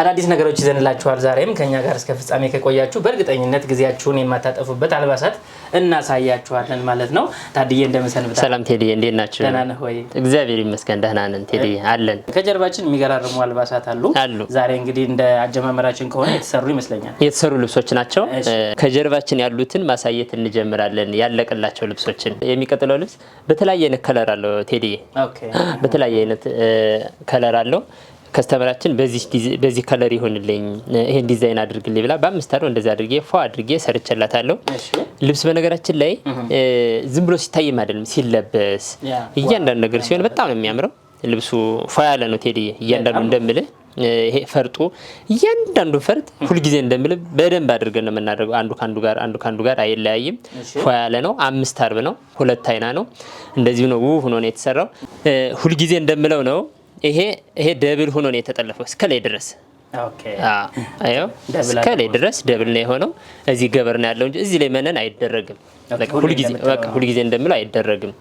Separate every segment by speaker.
Speaker 1: አዳዲስ ነገሮች ይዘንላችኋል። ዛሬም ከኛ ጋር እስከ ፍጻሜ ከቆያችሁ በእርግጠኝነት ጊዜያችሁን የማታጠፉበት አልባሳት እናሳያችኋለን ማለት ነው። ታድዬ እንደምሰንብታ።
Speaker 2: ሰላም ቴዲዬ፣ እንዴት ናችሁ? ደህና ነህ ወይ? እግዚአብሔር ይመስገን ደህና ነን ቴዲዬ፣ አለን።
Speaker 1: ከጀርባችን የሚገራርሙ አልባሳት አሉ አሉ። ዛሬ እንግዲህ እንደ አጀማመራችን ከሆነ የተሰሩ ይመስለኛል
Speaker 2: የተሰሩ ልብሶች ናቸው። ከጀርባችን ያሉትን ማሳየት እንጀምራለን። ያለቅላቸው ልብሶችን የሚቀጥለው ልብስ በተለያየ አይነት ከለር አለው ቴዲዬ፣ በተለያየ አይነት ከለር አለው ከስተመራችን በዚህ ከለር ይሆንልኝ ይሄን ዲዛይን አድርግልኝ ብላ በአምስት አለው እንደዚ አድርጌ ፎ አድርጌ ሰርቼላታለሁ። ልብስ በነገራችን ላይ ዝም ብሎ ሲታይም አይደለም ሲለበስ እያንዳንዱ ነገር ሲሆን በጣም ነው የሚያምረው። ልብሱ ፎ ያለ ነው ቴዲ እያንዳንዱ እንደምልህ ይሄ ፈርጡ እያንዳንዱ ፈርጥ ሁልጊዜ እንደምል በደንብ አድርገን ነው የምናደርገው። አንዱ ከአንዱ ጋር አንዱ ከአንዱ ጋር አይለያይም። ፏ ያለ ነው። አምስት አርብ ነው፣ ሁለት አይና ነው። እንደዚሁ ነው ውብ ሆኖ ነው የተሰራው። ሁልጊዜ እንደምለው ነው ይሄ ይሄ ደብል ሆኖ ነው የተጠለፈው እስከ ላይ ድረስ እስከ ላይ ድረስ ደብል ነው የሆነው። እዚህ ገበር ነው ያለው እንጂ እዚህ ላይ መነን አይደረግም። ሁልጊዜ እንደምለው አይደረግም።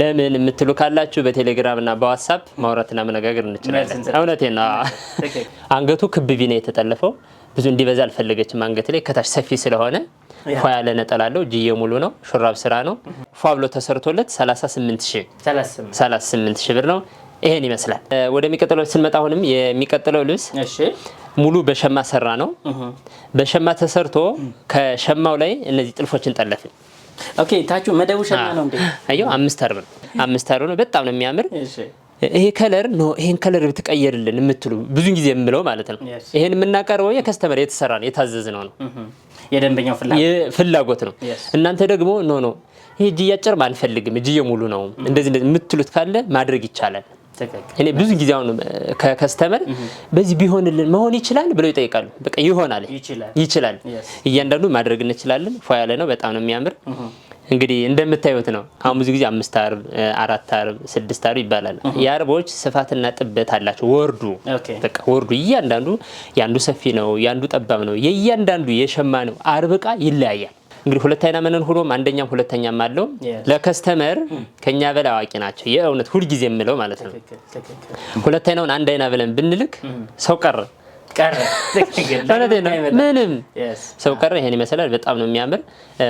Speaker 2: ለምን የምትሉ ካላችሁ በቴሌግራም እና በዋትሳፕ ማውራትና መነጋገር እንችላለን። እውነቴ ነው። አንገቱ ክብ ቢ ነው የተጠለፈው። ብዙ እንዲበዛ አልፈለገችም። አንገት ላይ ከታች ሰፊ ስለሆነ ፏ ያለ ነጠላ አለው። እጅየ ሙሉ ነው። ሹራብ ስራ ነው። ፏ ብሎ ተሰርቶለት 38 ሺህ ብር ነው። ይሄን ይመስላል። ወደሚቀጥለው ስንመጣ አሁንም የሚቀጥለው ልብስ ሙሉ በሸማ ሰራ ነው። በሸማ ተሰርቶ ከሸማው ላይ እነዚህ ጥልፎችን ጠለፍን።
Speaker 1: ኦኬ ታችሁ መደቡ ሸማ ነው እንዴ?
Speaker 2: አዩ አምስት አርብ ነው። አምስት አርብ ነው። በጣም ነው የሚያምር። ይሄ ከለር ነው። ይሄን ከለር ብትቀየርልን የምትሉ ብዙ ጊዜ የምለው ማለት ነው። ይሄን የምናቀርበው የከስተመር የተሰራ ነው የታዘዝ ነው ነው የደንበኛው ፍላጎት ነው። እናንተ ደግሞ ኖ ኖ ይሄ እጅ እያጨርም አንፈልግም እጅዬ ሙሉ ነው እንደዚህ እንደዚህ የምትሉት ካለ ማድረግ ይቻላል። እኔ ብዙ ጊዜ አሁን ከከስተመር በዚህ ቢሆንልን መሆን ይችላል ብለው ይጠይቃሉ። በቃ ይሆናል፣ ይችላል። እያንዳንዱ ማድረግ እንችላለን። ፏ ያለ ነው፣ በጣም ነው የሚያምር። እንግዲህ እንደምታዩት ነው። አሁን ብዙ ጊዜ አምስት አርብ፣ አራት አርብ፣ ስድስት አርብ ይባላል። የአርቦች ስፋትና ጥበት አላቸው። ወርዱ በቃ ወርዱ እያንዳንዱ ያንዱ ሰፊ ነው፣ ያንዱ ጠባብ ነው። የእያንዳንዱ ነው አርብ እቃ ይለያያል። እንግዲህ ሁለት አይና መነን ሆኖም አንደኛም ሁለተኛም አለው። ለከስተመር hmm. ከኛ በላይ አዋቂ ናቸው። የእውነት ሁልጊዜ የምለው ማለት ነው። ሁለት አይናውን አንድ አይና ብለን ብንልክ hmm. ሰው ቀረ ምንም ሰው ah. ቀረ። ይሄን ይመስላል። በጣም ነው የሚያምር።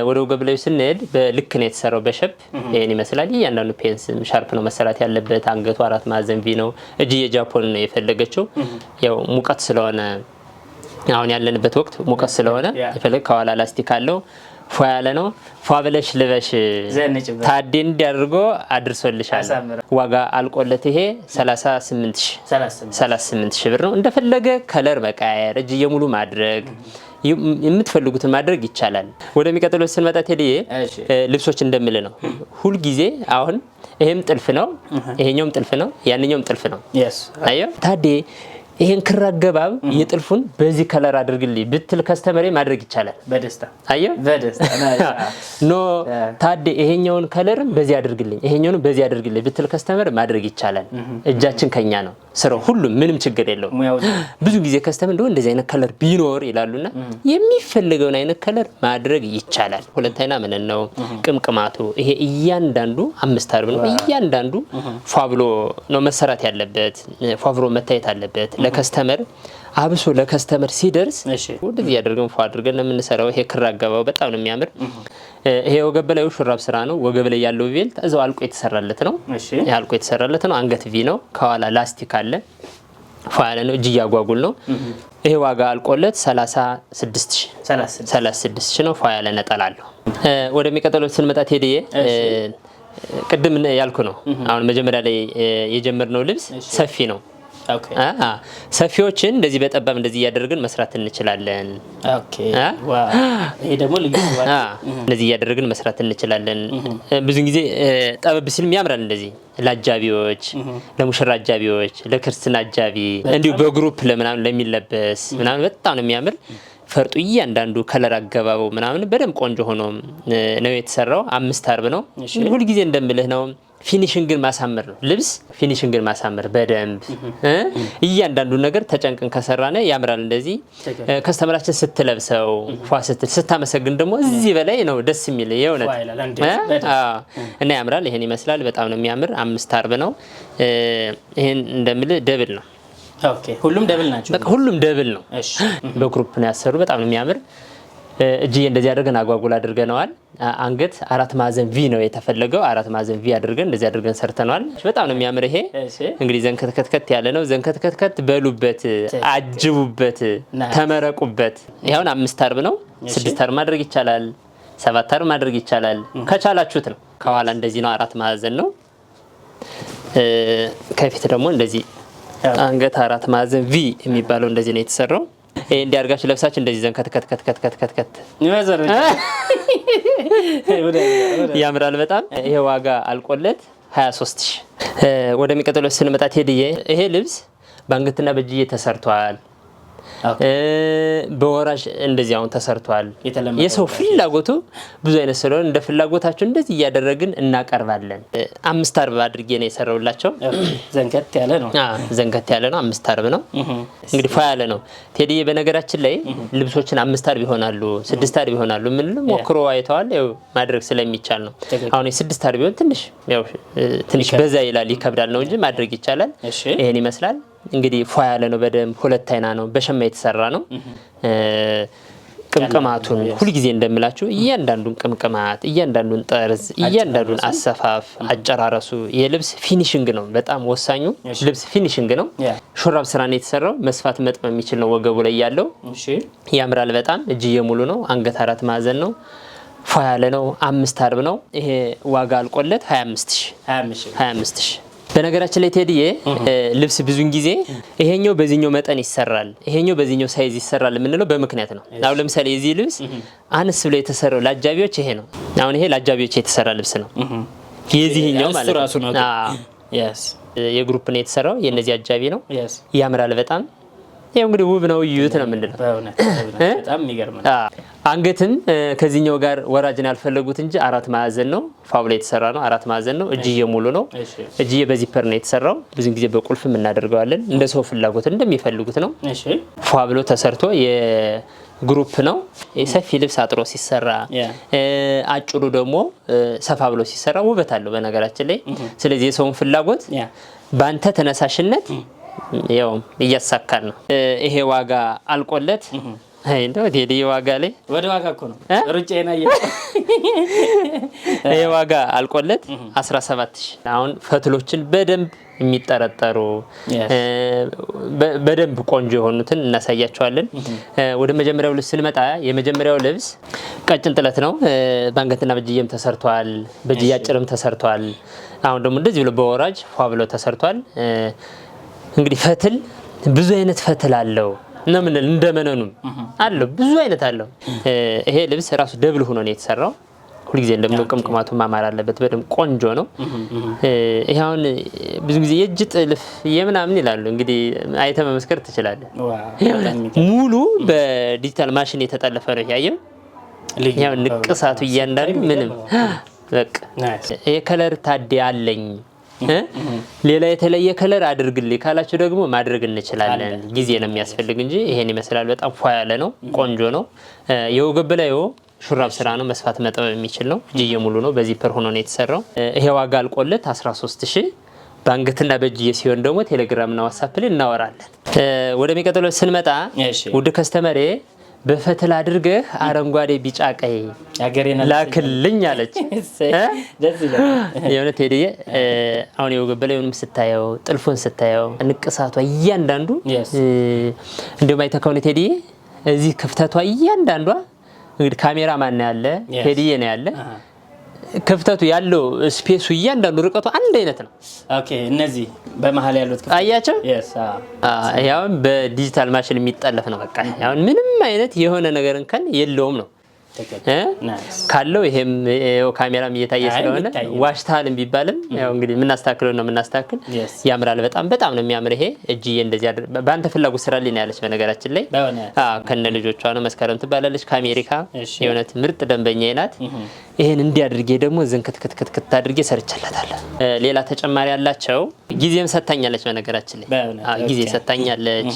Speaker 2: ወደ ወገብ ላይ ስንሄድ በልክ ነው የተሰራው በሸፕ hmm. ይሄን ይመስላል። እያንዳንዱ ፔንስ ሻርፕ ነው መሰራት ያለበት። አንገቱ አራት ማዕዘን ቪ ነው። እጅ የጃፖን ነው የፈለገችው። ያው ሙቀት ስለሆነ አሁን ያለንበት ወቅት ሙቀት ስለሆነ የፈለገ ከኋላ ላስቲክ አለው ፏ ያለ ነው። ፏ ብለሽ ልበሽ ታዴ እንዲያደርጎ አድርሶልሻል። ዋጋ አልቆለት ይሄ
Speaker 1: 38
Speaker 2: ሺ ብር ነው። እንደፈለገ ከለር መቀያየር፣ እጅ የሙሉ ማድረግ የምትፈልጉትን ማድረግ ይቻላል። ወደሚቀጥለው ስንመጣ ቴዲዬ ልብሶች እንደምል ነው ሁልጊዜ አሁን ይህም ጥልፍ ነው፣ ይሄኛውም ጥልፍ ነው፣ ያንኛውም ጥልፍ ነው። አየው ታዴ ይሄን ክር አገባብ የጥልፉን በዚህ ከለር አድርግልኝ ብትል ከስተመሬ ማድረግ ይቻላል በደስታ አየ በደስታ ኖ ታዴ ይሄኛውን ከለርም በዚህ አድርግልኝ ይሄኛውን በዚህ አድርግልኝ ብትል ከስተመር ማድረግ ይቻላል። እጃችን ከኛ ነው። ስራው ሁሉም ምንም ችግር የለው። ብዙ ጊዜ ከስተም እንደሆነ እንደዚህ አይነት ከለር ቢኖር ይላሉና የሚፈልገውን አይነት ከለር ማድረግ ይቻላል። ሁለተኛ ምን ነው ቅምቅማቱ፣ ይሄ እያንዳንዱ አምስት አርብ ነው። እያንዳንዱ ፏብሎ ነው መሰራት ያለበት፣ ፏብሎ መታየት አለበት ለከስተመር አብሶ ለከስተመር ሲደርስ ወደዚህ ያደርገን ፏ አድርገን ነው ይሄ ክር አገባው በጣም ነው የሚያምር። ይሄ ወገብ ላይ ሹራብ ስራ ነው። ወገብ ላይ ያለው ቬልት እዛው አልቆ የተሰራለት ነው። እሺ አልቆ የተሰራለት ነው። አንገት ቪ ነው። ከኋላ ላስቲክ አለ። ፏያለ ነው። እጅ እያጓጉል ነው። ይሄ ዋጋ አልቆለት 36 ሺ ነው። ፏያለ ወደ ወደሚቀጥለው ስንመጣ ቴዲዬ ቅድም ያልኩ ነው። አሁን መጀመሪያ ላይ የጀመርነው ልብስ ሰፊ ነው። ሰፊዎችን እንደዚህ በጠባብ እንደዚህ እያደረግን መስራት እንችላለን። እንደዚህ እያደረግን መስራት እንችላለን። ብዙ ጊዜ ጠበብ ሲልም ያምራል። እንደዚህ ለአጃቢዎች፣ ለሙሽራ አጃቢዎች፣ ለክርስትና አጃቢ እንዲሁ በግሩፕ ለምናምን ለሚለበስ ምናምን በጣም ነው የሚያምር ፈርጡ እያንዳንዱ ከለር አገባበው ምናምን በደንብ ቆንጆ ሆኖ ነው የተሰራው። አምስት አርብ ነው ሁልጊዜ እንደምልህ ነው ፊኒሽንግን ማሳመር ነው። ልብስ ፊኒሽንግን ማሳመር በደንብ እያንዳንዱ ነገር ተጨንቅን ከሰራነ ያምራል። እንደዚህ ከስተመራችን ስትለብሰው ፏ ስትል ስታመሰግን ደግሞ እዚህ በላይ ነው ደስ የሚል የእውነት እና ያምራል። ይሄን ይመስላል። በጣም ነው የሚያምር። አምስት አርብ ነው። ይሄን እንደምል ደብል ነው።
Speaker 1: ሁሉም ደብል ናቸው።
Speaker 2: ሁሉም ደብል ነው። በግሩፕ ነው ያሰሩ። በጣም ነው የሚያምር እጅዬ እንደዚህ አድርገን አጓጉል አድርገነዋል። አንገት አራት ማዕዘን ቪ ነው የተፈለገው። አራት ማዕዘን ቪ አድርገን እንደዚህ አድርገን ሰርተነዋል። በጣም ነው የሚያምር። ይሄ እንግዲህ ዘንከትከትከት ያለ ነው። ዘንከትከትከት በሉበት፣ አጅቡበት፣ ተመረቁበት። ይኸውን አምስት አርብ ነው። ስድስት አርብ ማድረግ ይቻላል። ሰባት አርብ ማድረግ ይቻላል። ከቻላችሁት ነው። ከኋላ እንደዚህ ነው፣ አራት ማዕዘን ነው። ከፊት ደግሞ እንደዚህ አንገት አራት ማዕዘን ቪ የሚባለው እንደዚህ ነው የተሰራው። ይሄ እንዲያርጋችሁ ለብሳች እንደዚህ ዘን ከት ከት ከት ከት ከት ከት ከት ያምራል በጣም ይሄ ዋጋ አልቆለት 23 ሺህ። ወደሚቀጥለው ስንመጣ ቴድዬ ይሄ ልብስ በአንገትና በእጅዬ ተሰርቷል። በወራጅ እንደዚህ አሁን ተሰርቷል። የሰው ፍላጎቱ ብዙ አይነት ስለሆነ እንደ ፍላጎታቸው እንደዚህ እያደረግን እናቀርባለን። አምስት አርብ አድርጌ ነው የሰራውላቸው።
Speaker 1: ዘንከት ያለ ነው፣
Speaker 2: ዘንከት ያለ ነው። አምስት አርብ ነው እንግዲህ ፏ ያለ ነው። ቴዲዬ፣ በነገራችን ላይ ልብሶችን አምስት አርብ ይሆናሉ፣ ስድስት አርብ ይሆናሉ ምን ሞክሮ አይተዋል። ያው ማድረግ ስለሚቻል ነው። አሁን የስድስት አርብ ቢሆን ትንሽ ትንሽ በዛ ይላል፣ ይከብዳል ነው እንጂ ማድረግ ይቻላል። ይሄን ይመስላል። እንግዲህ ፏ ያለ ነው። በደንብ ሁለት አይና ነው። በሸማ የተሰራ ነው። ቅምቅማቱን ሁልጊዜ እንደምላችሁ እያንዳንዱን ቅምቅማት፣ እያንዳንዱን ጠርዝ፣ እያንዳንዱን አሰፋፍ፣ አጨራረሱ የልብስ ፊኒሽንግ ነው። በጣም ወሳኙ ልብስ ፊኒሽንግ ነው። ሹራብ ስራ ነው የተሰራው። መስፋት መጥመ የሚችል ነው። ወገቡ ላይ ያለው ያምራል በጣም እጅየ ሙሉ ነው። አንገት አራት ማዕዘን ነው። ፏ ያለ ነው። አምስት አርብ ነው። ይሄ ዋጋ አልቆለት 25 ሺህ 25 ሺህ በነገራችን ላይ ቴድዬ ልብስ ብዙን ጊዜ ይሄኛው በዚህኛው መጠን ይሰራል፣ ይሄኛው በዚህኛው ሳይዝ ይሰራል የምንለው በምክንያት ነው። አሁን ለምሳሌ የዚህ ልብስ አነስ ብሎ የተሰራው ለአጃቢዎች ይሄ ነው። አሁን ይሄ ለአጃቢዎች የተሰራ ልብስ ነው። የዚህኛው ማለት ነው የግሩፕ ነው የተሰራው፣ የእነዚህ አጃቢ ነው። ያምራል በጣም ይሄ እንግዲህ ውብ ነው፣ እዩት ነው የምንለው። በጣም የሚገርም ነው። አንገትም ከዚህኛው ጋር ወራጅን ያልፈለጉት እንጂ አራት ማዕዘን ነው። ፋብላ የተሰራ ነው። አራት ማዕዘን ነው። እጅዬ ሙሉ ነው። እጅዬ በዚፐር ነው የተሰራው። ብዙ ጊዜ በቁልፍም እናደርገዋለን። እንደ ሰው ፍላጎት እንደሚፈልጉት ነው። ፋብሎ ተሰርቶ ግሩፕ ነው። ሰፊ ልብስ አጥሮ ሲሰራ አጭሩ ደግሞ ሰፋ ብሎ ሲሰራ ውበት አለው በነገራችን ላይ። ስለዚህ የሰውን ፍላጎት በአንተ ተነሳሽነት ያው ነው። ይሄ ዋጋ አልቆለት እንደው ዋጋ ላይ
Speaker 1: ወደ ዋጋ እኮ ነው ሩጫ
Speaker 2: ይሄ ዋጋ አልቆለት 17 አሁን ፈትሎችን በደንብ የሚጠረጠሩ በደንብ ቆንጆ የሆኑትን እናሳያቸዋለን። ወደ መጀመሪያው ልብስ ስንመጣ የመጀመሪያው ልብስ ቀጭን ጥለት ነው። በአንገትና በእጅዬም ተሰርቷል፣ በእጅዬ አጭርም ተሰርቷል። አሁን ደግሞ እንደዚህ ብሎ በወራጅ ፏ ብሎ ተሰርቷል። እንግዲህ ፈትል ብዙ አይነት ፈትል አለው ነው ምንል እንደመነኑም አለው ብዙ አይነት አለው። ይሄ ልብስ ራሱ ደብል ሆኖ ነው የተሰራው። ሁልጊዜ እንደምለው ቅምቅማቱ ማማር አለበት። በደንብ ቆንጆ ነው። ይሄ አሁን ብዙ ጊዜ የእጅ ጥልፍ የምናምን ይላሉ። እንግዲህ አይተ መመስከር ትችላለህ። ሙሉ በዲጂታል ማሽን የተጠለፈ ነው። ያየም ንቅሳቱ እያንዳንዱ ምንም በቃ ይሄ ከለር ታዲያ አለኝ ሌላ የተለየ ከለር አድርግልኝ ካላችሁ ደግሞ ማድረግ እንችላለን። ጊዜ ነው የሚያስፈልግ እንጂ ይሄን ይመስላል። በጣም ፏ ያለ ነው፣ ቆንጆ ነው። የወገብ ላይ ሹራብ ስራ ነው፣ መስፋት መጠበብ የሚችል ነው። እጅዬ ሙሉ ነው፣ በዚፐር ሆኖ ነው የተሰራው። ይሄ ዋጋ አልቆለት 13 ሺህ በአንገትና በእጅየ ሲሆን ደግሞ ቴሌግራምና ዋትሳፕ ላይ እናወራለን። ወደሚቀጥለው ስንመጣ ውድ ከስተመሬ በፈትል አድርገህ አረንጓዴ ቢጫ ቀይ ላክልኝ አለች። የሆነ ቴዲዬ አሁን የወገበላዩንም ስታየው ጥልፉን ስታየው ንቅሳቷ እያንዳንዱ እንዲሁም አይተህ ከሆነ እዚህ ክፍተቷ እያንዳንዷ እንግዲህ ካሜራ ማን ያለ ቴዲዬ ነው ያለ ክፍተቱ ያለው ስፔሱ እያንዳንዱ ርቀቱ አንድ አይነት ነው። ኦኬ እነዚህ በመሀል ያሉት አያቸው። ያው በዲጂታል ማሽን የሚጠለፍ ነው። በቃ ያው ምንም አይነት የሆነ ነገር እንከን የለውም ነው ካለው ይሄም ካሜራም እየታየ ስለሆነ ዋሽታልም ቢባልም ያው እንግዲህ የምናስተካክለው ነው የምናስተካክል። ያምራል። በጣም በጣም ነው የሚያምር ይሄ እጅዬ። እንደዚህ በአንተ ፍላጎት ስራልኝ ነው ያለች። በነገራችን ላይ ከነ ልጆቿ ነው። መስከረም ትባላለች ከአሜሪካ የእውነት ምርጥ ደንበኛ ናት። ይህን እንዲህ አድርጌ ደግሞ ዝንክትክትክት አድርጌ ሰርቻላታለሁ። ሌላ ተጨማሪ ያላቸው ጊዜም ሰታኛለች። በነገራችን ላይ ጊዜ ሰታኛለች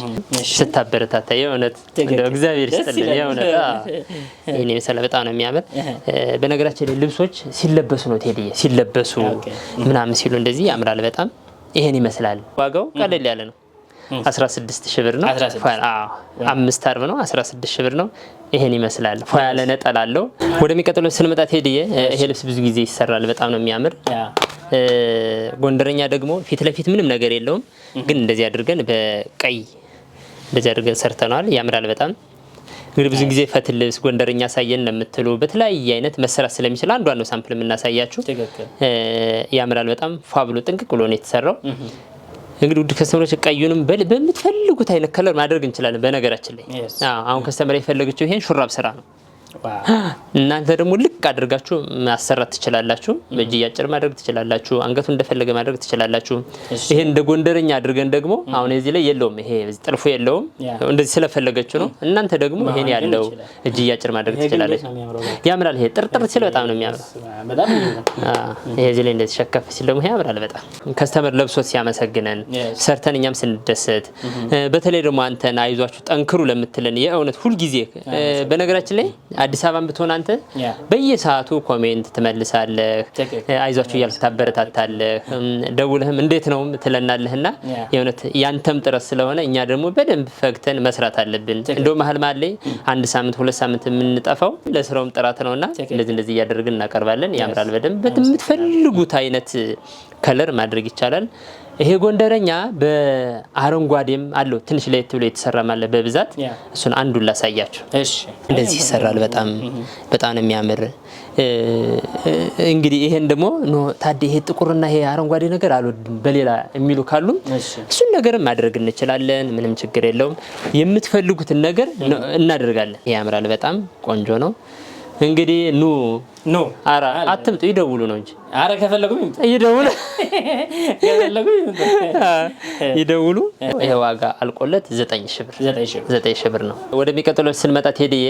Speaker 2: ስታበረታታ የእውነት እግዚአብሔር ይስጥልን የእውነት የተወሰነ በጣም ነው የሚያምር። በነገራችን ላይ ልብሶች ሲለበሱ ነው ቴዲዬ፣ ሲለበሱ ምናምን ሲሉ እንደዚህ ያምራል በጣም ይሄን ይመስላል። ዋጋው ቀለል ያለ ነው። 16 ሺህ ብር ነው። አምስት አርብ ነው። 16 ሺህ ብር ነው። ይሄን ይመስላል። ፏ ያለ ነጠላ አለው። ወደሚቀጥለው ስንመጣ ቴዲዬ፣ ይሄ ልብስ ብዙ ጊዜ ይሰራል። በጣም ነው የሚያምር። ጎንደረኛ ደግሞ ፊት ለፊት ምንም ነገር የለውም፣ ግን እንደዚህ አድርገን በቀይ እንደዚህ አድርገን ሰርተነዋል። ያምራል በጣም እንግዲህ ብዙ ጊዜ ፈትል ልብስ ጎንደርኛ ሳየን ለምትሉ በተለያየ አይነት መሰራት ስለሚችል አንዷን ነው ሳምፕል የምናሳያችሁ። ያምራል። በጣም ፏ ብሎ ጥንቅቅ ብሎ ነው የተሰራው። እንግዲህ ውድ ከስተመሮች ቀዩንም በምትፈልጉት አይነት ከለር ማድረግ እንችላለን። በነገራችን ላይ አሁን ከስተመር የፈለገችው ይሄን ሹራብ ስራ ነው እናንተ ደግሞ ልቅ አድርጋችሁ ማሰራት ትችላላችሁ። በእጅ እያጭር ማድረግ ትችላላችሁ። አንገቱ እንደፈለገ ማድረግ ትችላላችሁ። ይሄ እንደ ጎንደረኛ አድርገን ደግሞ አሁን እዚህ ላይ የለውም፣ ይሄ ጥልፉ የለውም። እንደዚህ ስለፈለገችው ነው። እናንተ ደግሞ ይሄን ያለው እጅ እያጭር ማድረግ ትችላለች። ያምራል። ይሄ ጥርጥር ሲል በጣም ነው የሚያምረው። ይሄ እዚህ ላይ እንደዚህ ሸከፍ ሲል ደግሞ ያምራል በጣም ከስተመር ለብሶ ሲያመሰግነን፣ ሰርተን እኛም ስንደሰት፣ በተለይ ደግሞ አንተን አይዟችሁ ጠንክሩ ለምትለን የእውነት ሁልጊዜ በነገራችን ላይ አዲስ አበባን ብትሆን አንተ በየሰዓቱ ኮሜንት ትመልሳለህ፣ አይዟችሁ እያልክ ታበረታታለህ፣ ደውልህም እንዴት ነው ትለናለህና የእውነት ያንተም ጥረት ስለሆነ እኛ ደግሞ በደንብ ፈግተን መስራት አለብን። እንደ መሀል መሀል አንድ ሳምንት ሁለት ሳምንት የምንጠፋው ለስራውም ጥራት ነውና እንደዚህ እንደዚህ እያደረግን እናቀርባለን። ያምራል በደንብ በምትፈልጉት አይነት ከለር ማድረግ ይቻላል። ይሄ ጎንደረኛ በአረንጓዴም አለው ትንሽ ለየት ብሎ የተሰራ ማለ በብዛት እሱን አንዱን ላሳያችሁ። እንደዚህ ይሰራል። በጣም በጣም ነው የሚያምር። እንግዲህ ይሄን ደግሞ ታዲ ይሄ ጥቁርና ይሄ አረንጓዴ ነገር አልወድም በሌላ የሚሉ ካሉም እሱን ነገር ማድረግ እንችላለን። ምንም ችግር የለውም። የምትፈልጉትን ነገር እናደርጋለን። ያምራል። በጣም ቆንጆ ነው። እንግዲህ ኑ ኖ ኧረ አትምጡ፣ ይደውሉ ነው እንጂ። ኧረ ከፈለጉ ይደውሉ፣ ይደውሉ። ይሄ ዋጋ አልቆለት ዘጠኝ ሺህ ብር ነው። ወደሚቀጥለው ስንመጣ ቴዲዬ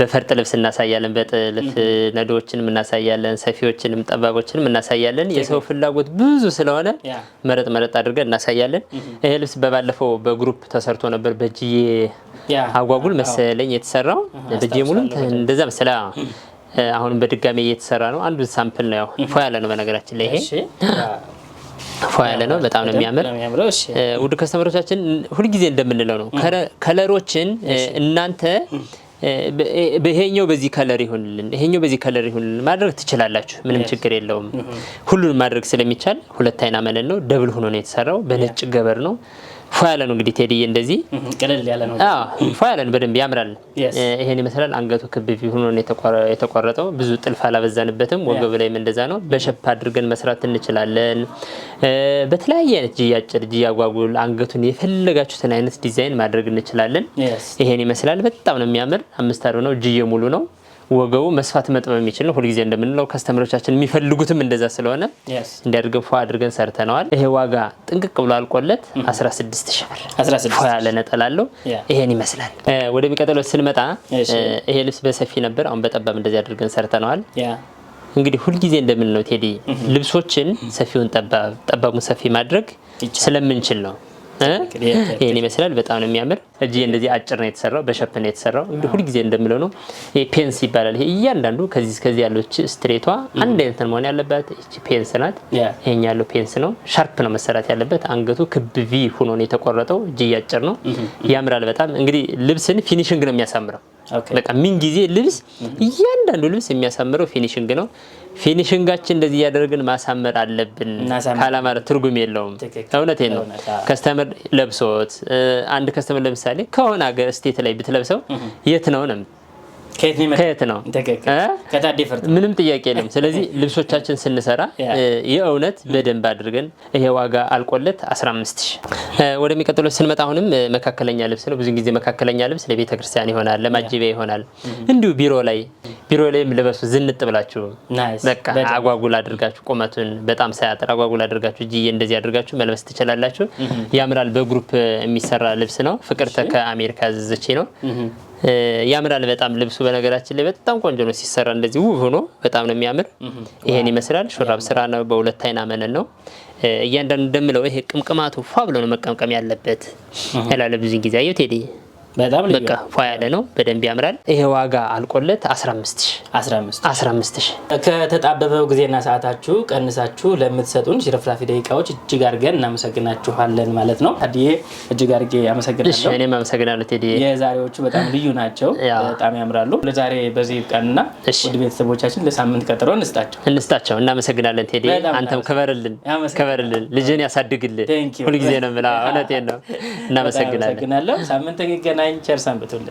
Speaker 2: በፈርጥ ልብስ እናሳያለን፣ በጥልፍ ነዶዎችንም እናሳያለን፣ ሰፊዎችንም ጠባቦችንም እናሳያለን። የሰው ፍላጎት ብዙ ስለሆነ መረጥ መረጥ አድርገን እናሳያለን። ይሄ ልብስ በባለፈው በግሩፕ ተሰርቶ ነበር በእጅዬ አጓጉል መሰለኝ የተሰራው በእጅዬ ሙሉም እንደዛ መሰለኝ አሁንም በድጋሚ እየተሰራ ነው። አንዱ ሳምፕል ነው። ያው ያለ ነው። በነገራችን ላይ ይሄ ፏ ያለ ነው። በጣም ነው የሚያምር። ውድ ከስተመሮቻችን ሁልጊዜ እንደምንለው ነው ከለሮችን እናንተ ይሄኛው በዚህ ከለር ይሁንልን፣ ይሄኛው በዚህ ከለር ይሁንልን ማድረግ ትችላላችሁ። ምንም ችግር የለውም። ሁሉንም ማድረግ ስለሚቻል ሁለት አይና መነን ነው። ደብል ሆኖ ነው የተሰራው። በነጭ ገበር ነው ፏ ያለ ነው እንግዲህ ቴዲዬ፣ እንደዚህ ቀለል ያለ ነው። አዎ ፏ ያለ ነው፣ በደንብ ያምራል። ይሄን ይመስላል። አንገቱ ክብ ሆኖ ነው የተቆረጠው። ብዙ ጥልፍ አላበዛንበትም። ወገብ ላይም እንደዛ ነው። በሸፕ አድርገን መስራት እንችላለን። በተለያየ አይነት ጅ አጭር፣ ጅ አጓጉል፣ አንገቱን የፈለጋችሁትን አይነት ዲዛይን ማድረግ እንችላለን። ይሄን ይመስላል። በጣም ነው የሚያምር። አምስት አርብ ነው። ጅዬ ሙሉ ነው። ወገቡ መስፋት መጥበብ የሚችል ነው። ሁልጊዜ እንደምንለው ከስተምሮቻችን የሚፈልጉትም እንደዛ ስለሆነ እንዲያድርገን ፎ አድርገን ሰርተነዋል። ይሄ ዋጋ ጥንቅቅ ብሎ አልቆለት 16 ሺህ ብር ያለ ነጠላ አለው። ይሄን ይመስላል። ወደሚቀጥለው ስንመጣ ይሄ ልብስ በሰፊ ነበር፣ አሁን በጠባብ እንደዚህ አድርገን ሰርተነዋል። እንግዲህ ሁልጊዜ እንደምንለው ቴዲ mm-hmm. ልብሶችን ሰፊውን ጠባቡን ሰፊ ማድረግ ስለምንችል ነው ይሄን ይመስላል። በጣም ነው የሚያምር። እጅ እንደዚህ አጭር ነው የተሰራው፣ በሸፕ ነው የተሰራው። እንደ ሁልጊዜ እንደምለው ነው ይሄ ፔንስ ይባላል። ይሄ እያንዳንዱ ከዚህ እስከዚህ ያለች ስትሬቷ አንድ አይነት መሆን ያለባት። እቺ ፔንስ ናት፣ ይሄን ያለው ፔንስ ነው። ሻርፕ ነው መሰራት ያለበት። አንገቱ ክብ ቪ ሆኖ ነው የተቆረጠው። እጅ እያጭር ነው፣ ያምራል በጣም እንግዲህ ልብስን ፊኒሽንግ ነው የሚያሳምረው። በቃ ምን ጊዜ ልብስ እያንዳንዱ ልብስ የሚያሳምረው ፊኒሽንግ ነው። ፊኒሽንጋችን እንደዚህ እያደረግን ማሳመር አለብን። ማለት ትርጉም የለውም። እውነቴ ነው። ከስተመር ለብሶት አንድ ከስተመር ለምሳሌ ከሆነ ሀገር ስቴት ላይ ብትለብሰው የት ነው ነው ከየት ነው? ምንም ጥያቄ የለም። ስለዚህ ልብሶቻችን ስንሰራ የእውነት በደንብ አድርገን ይሄ ዋጋ አልቆለት 15 ሺህ። ወደሚቀጥለው ስንመጣ አሁንም መካከለኛ ልብስ ነው። ብዙ ጊዜ መካከለኛ ልብስ ለቤተ ክርስቲያን ይሆናል፣ ለማጀቢያ ይሆናል። እንዲሁ ቢሮ ላይ ቢሮ ላይም ልበሱ ዝንጥ ብላችሁ በቃ አጓጉል አድርጋችሁ ቁመቱን በጣም ሳያጥር አጓጉል አድርጋችሁ እጅዬ እንደዚህ አድርጋችሁ መልበስ ትችላላችሁ። ያምራል። በግሩፕ የሚሰራ ልብስ ነው። ፍቅርተ ከአሜሪካ ያዘዘች ነው። ያምራል በጣም ልብሱ። በነገራችን ላይ በጣም ቆንጆ ነው ሲሰራ፣ እንደዚህ ውብ ሆኖ በጣም ነው የሚያምር። ይሄን ይመስላል። ሹራብ ስራ ነው፣ በሁለት አይና መነን ነው። እያንዳንዱ እንደምለው ይሄ ቅምቅማቱ ፏ ብሎ ነው መቀምቀም ያለበት እላለሁ ብዙ ጊዜ አየሁ ቴዲ በጣም በቃ ፏ ያለ ነው። በደንብ ያምራል። ይሄ ዋጋ አልቆለት 15000 ከተጣበበው ጊዜና ሰዓታችሁ ቀንሳችሁ ለምትሰጡን ሽርፍራፊ ደቂቃዎች እጅግ አድርገን እናመሰግናችኋለን ማለት ነው። ታድዬ እጅግ አድርጌ አመሰግናለሁ። እኔም አመሰግናለሁ ቴዲ። የዛሬዎቹ በጣም ልዩ ናቸው፣ በጣም ያምራሉ። ለዛሬ በዚህ ቀንና ውድ ቤተሰቦቻችን ለሳምንት ቀጥሮ እንስጣቸው እንስጣቸው። እናመሰግናለን ቴዲ። አንተም ክበርልን ክበርልን፣ ልጅን ያሳድግልን። ሁልጊዜ ነው የምልህ፣ እውነቴን ነው። እናመሰግናለን። ሳምንት እንገናኝ። N9 içerisine götürülecek.